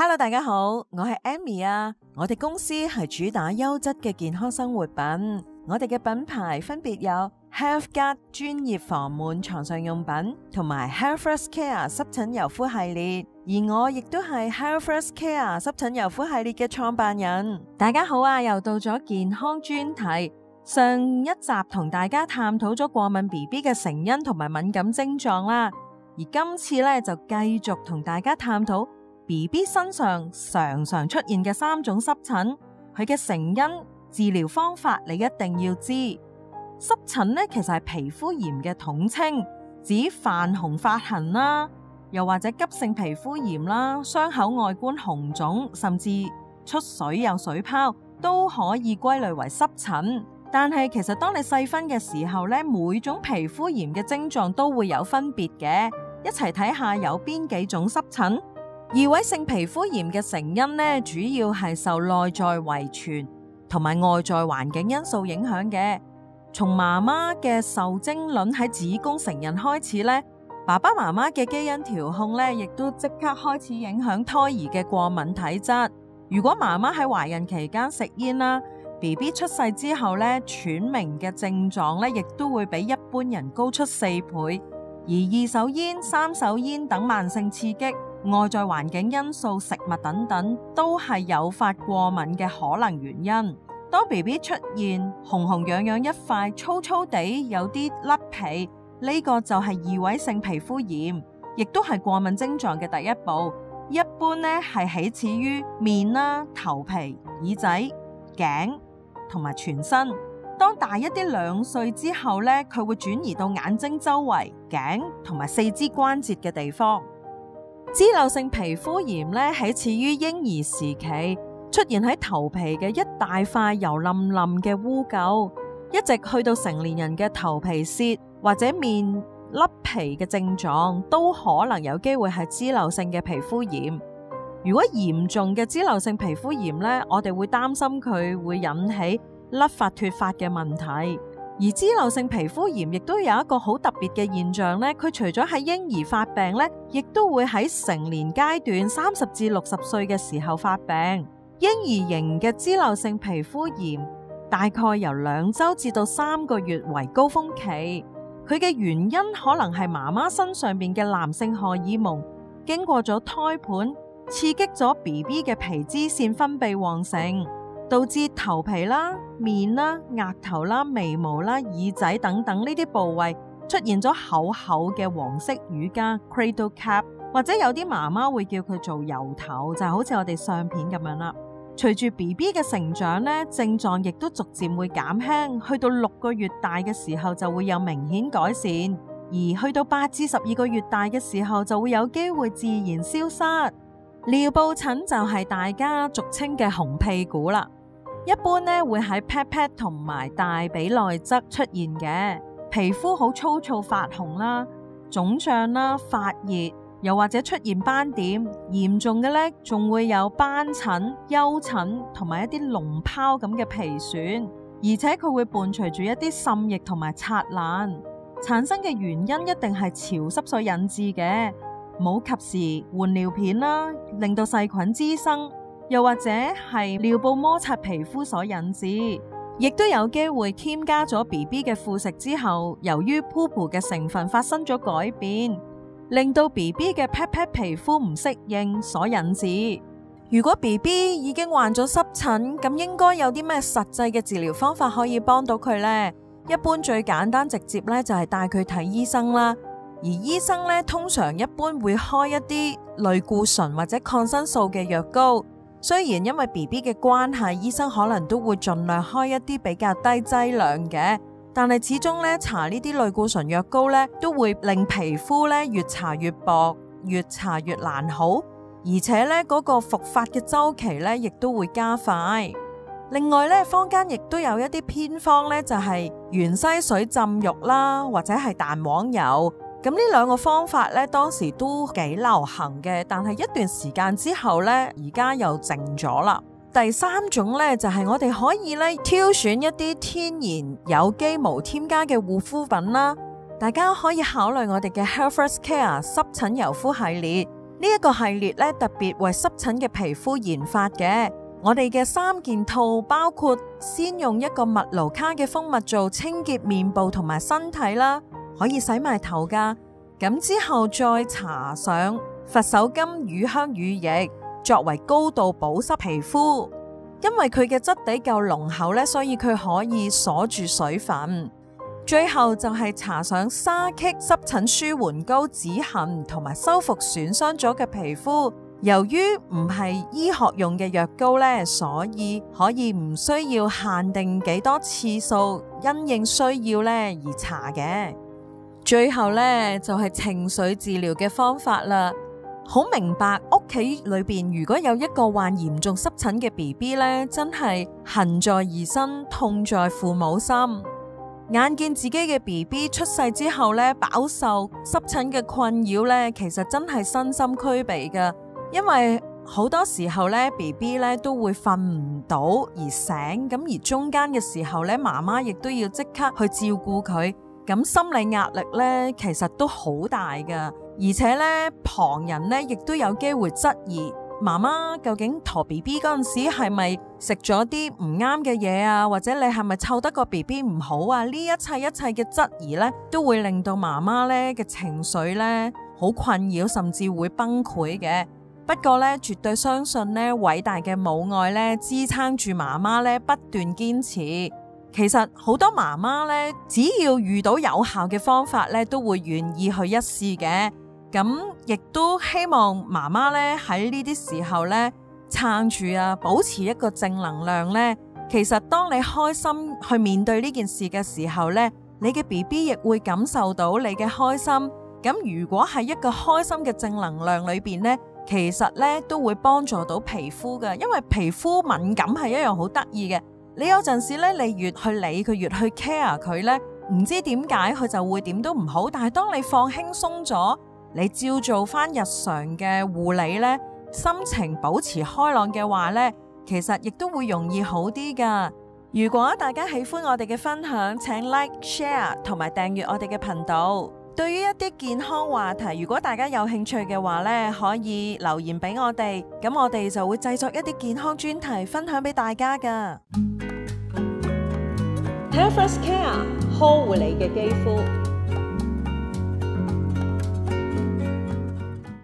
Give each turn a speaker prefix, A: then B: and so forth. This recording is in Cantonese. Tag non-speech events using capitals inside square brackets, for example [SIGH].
A: Hello，大家好，我係 Amy 啊，我哋公司係主打優質嘅健康生活品，我哋嘅品牌分別有 HealthGuard 專業防蟎床上用品同埋 Health1stCare 濕疹柔膚系列，而我亦都係 Health1stCare 濕疹柔膚系列嘅創辦人。大家好啊，又到咗健康專題，上一集同大家探討咗過敏 BB 嘅成因同埋敏感症狀啦，而今次咧就繼續同大家探討。BB 身上常常出現嘅三種濕疹，佢嘅成因、治療方法，你一定要知。濕疹咧，其實係皮膚炎嘅統稱，指泛紅發痕啦，又或者急性皮膚炎啦，傷口外觀紅腫，甚至出水有水泡，都可以歸類為濕疹。但係其實當你細分嘅時候咧，每種皮膚炎嘅症狀都會有分別嘅。一齊睇下有邊幾種濕疹。異位性皮膚炎嘅成因咧，主要係受內在遺傳同埋外在環境因素影響嘅。從媽媽嘅受精卵喺子宮成孕開始咧，爸爸媽媽嘅基因調控咧，亦都即刻開始影響胎兒嘅過敏體質。如果媽媽喺懷孕期間食煙啦，BB 出世之後咧，喘鳴嘅症狀咧，亦都會比一般人高出四倍。而二手煙、三手煙等慢性刺激。外在環境因素、食物等等都係誘發過敏嘅可能原因。當 B B 出現紅紅癢癢一塊、粗粗地有啲甩皮，呢個就係異位性皮膚炎，亦都係過敏症狀嘅第一步。一般呢係起始於面啦、頭皮、耳仔、頸同埋全身。當大一啲兩歲之後呢，佢會轉移到眼睛周圍、頸同埋四肢關節嘅地方。脂漏性皮膚炎咧，喺始於嬰兒時期出現喺頭皮嘅一大塊油淋淋嘅污垢，一直去到成年人嘅頭皮屑或者面甩皮嘅症狀，都可能有機會係脂漏性嘅皮膚炎。如果嚴重嘅脂漏性皮膚炎咧，我哋會擔心佢會引起甩發脱發嘅問題。而脂漏性皮膚炎亦都有一個好特別嘅現象咧，佢除咗喺嬰兒發病咧，亦都會喺成年階段三十至六十歲嘅時候發病。嬰兒型嘅脂漏性皮膚炎大概由兩周至到三個月為高峰期，佢嘅原因可能係媽媽身上邊嘅男性荷爾蒙經過咗胎盤刺激咗 BB 嘅皮脂腺分泌旺盛。導致頭皮啦、面啦、額頭啦、眉毛啦、耳仔等等呢啲部位出現咗厚厚嘅黃色乳痂 （cradle cap），或者有啲媽媽會叫佢做油頭，就好似我哋相片咁樣啦。隨住 B B 嘅成長咧，症狀亦都逐漸會減輕，去到六個月大嘅時候就會有明顯改善，而去到八至十二個月大嘅時候就會有機會自然消失。尿布疹就係大家俗稱嘅紅屁股啦。一般咧會喺 pat pat 同埋大髀內側出現嘅皮膚好粗糙發紅啦、腫脹啦、發熱，又或者出現斑點。嚴重嘅咧，仲會有斑疹、丘疹同埋一啲膿疱咁嘅皮損，而且佢會伴隨住一啲滲液同埋擦爛。產生嘅原因一定係潮濕所引致嘅，冇及時換尿片啦，令到細菌滋生。又或者係尿布摩擦皮膚所引致，亦都有機會添加咗 B B 嘅輔食之後，由於 poo poo 嘅成分發生咗改變，令到 B B 嘅 pet pet 皮膚唔適應所引致。如果 B B 已經患咗濕疹，咁應該有啲咩實際嘅治療方法可以幫到佢呢？一般最簡單直接咧就係帶佢睇醫生啦。而醫生咧通常一般會開一啲類固醇或者抗生素嘅藥膏。雖然因為 BB 嘅關係，醫生可能都會盡量開一啲比較低劑量嘅，但係始終咧搽呢啲類固醇藥膏咧，都會令皮膚咧越搽越薄，越搽越難好，而且咧嗰個復發嘅周期咧亦都會加快。另外咧，坊間亦都有一啲偏方咧，就係芫茜水浸浴啦，或者係蛋黃油。咁呢兩個方法咧，當時都幾流行嘅，但係一段時間之後咧，而家又靜咗啦。第三種咧，就係、是、我哋可以咧挑選一啲天然、有機、無添加嘅護膚品啦。大家可以考慮我哋嘅 Health1stCare 濕疹柔膚系列，呢、這、一個系列咧特別為濕疹嘅皮膚研發嘅。我哋嘅三件套包括先用一個麥蘆卡嘅蜂蜜做清潔面部同埋身體啦。可以洗埋頭噶咁之後再搽上佛手柑乳香乳液，作為高度保濕皮膚，因為佢嘅質地夠濃厚咧，所以佢可以鎖住水分。最後就係搽上沙棘濕疹舒緩膏止痕同埋修復損傷咗嘅皮膚。由於唔係醫學用嘅藥膏咧，所以可以唔需要限定幾多次數，因應需要咧而搽嘅。.最後咧就係情緒治療嘅方法啦，好明白屋企裏邊，如果有一個患嚴重濕疹嘅 B B 咧，真係痕在兒身，痛在父母心。眼見自己嘅 B B 出世之後咧，飽受濕疹嘅困擾咧，其實真係身心俱疲噶。因為好多時候咧 B B 咧都會瞓唔到而醒，咁而中間嘅時候咧，媽媽亦都要即刻去照顧佢。咁心理壓力咧，其實都好大㗎，而且咧旁人咧亦都有機會質疑媽媽究竟陀 B B 嗰陣時係咪食咗啲唔啱嘅嘢啊，或者你係咪湊得個 B B 唔好啊？呢一切一切嘅質疑咧，都會令到媽媽咧嘅情緒咧好困擾，甚至會崩潰嘅。不過咧，絕對相信咧偉大嘅母愛咧，支撐住媽媽咧不斷堅持。其實好多媽媽咧，只要遇到有效嘅方法咧，都會願意去一試嘅。咁亦都希望媽媽咧喺呢啲時候咧撐住啊，保持一個正能量咧。其實當你開心去面對呢件事嘅時候咧，你嘅 BB 亦會感受到你嘅開心。咁如果係一個開心嘅正能量裏邊咧，其實咧都會幫助到皮膚嘅，因為皮膚敏感係一樣好得意嘅。你有陣時咧，你越去理佢，越去 care 佢咧，唔知點解佢就會點都唔好。但係當你放輕鬆咗，你照做返日常嘅護理咧，心情保持開朗嘅話咧，其實亦都會容易好啲㗎。如果大家喜歡我哋嘅分享，請 like share 同埋訂閱我哋嘅頻道。對於一啲健康話題，如果大家有興趣嘅話咧，可以留言俾我哋，咁我哋就會製作一啲健康專題，分享俾大家噶。Health1stcare 呵護你嘅肌膚。 [NOISE]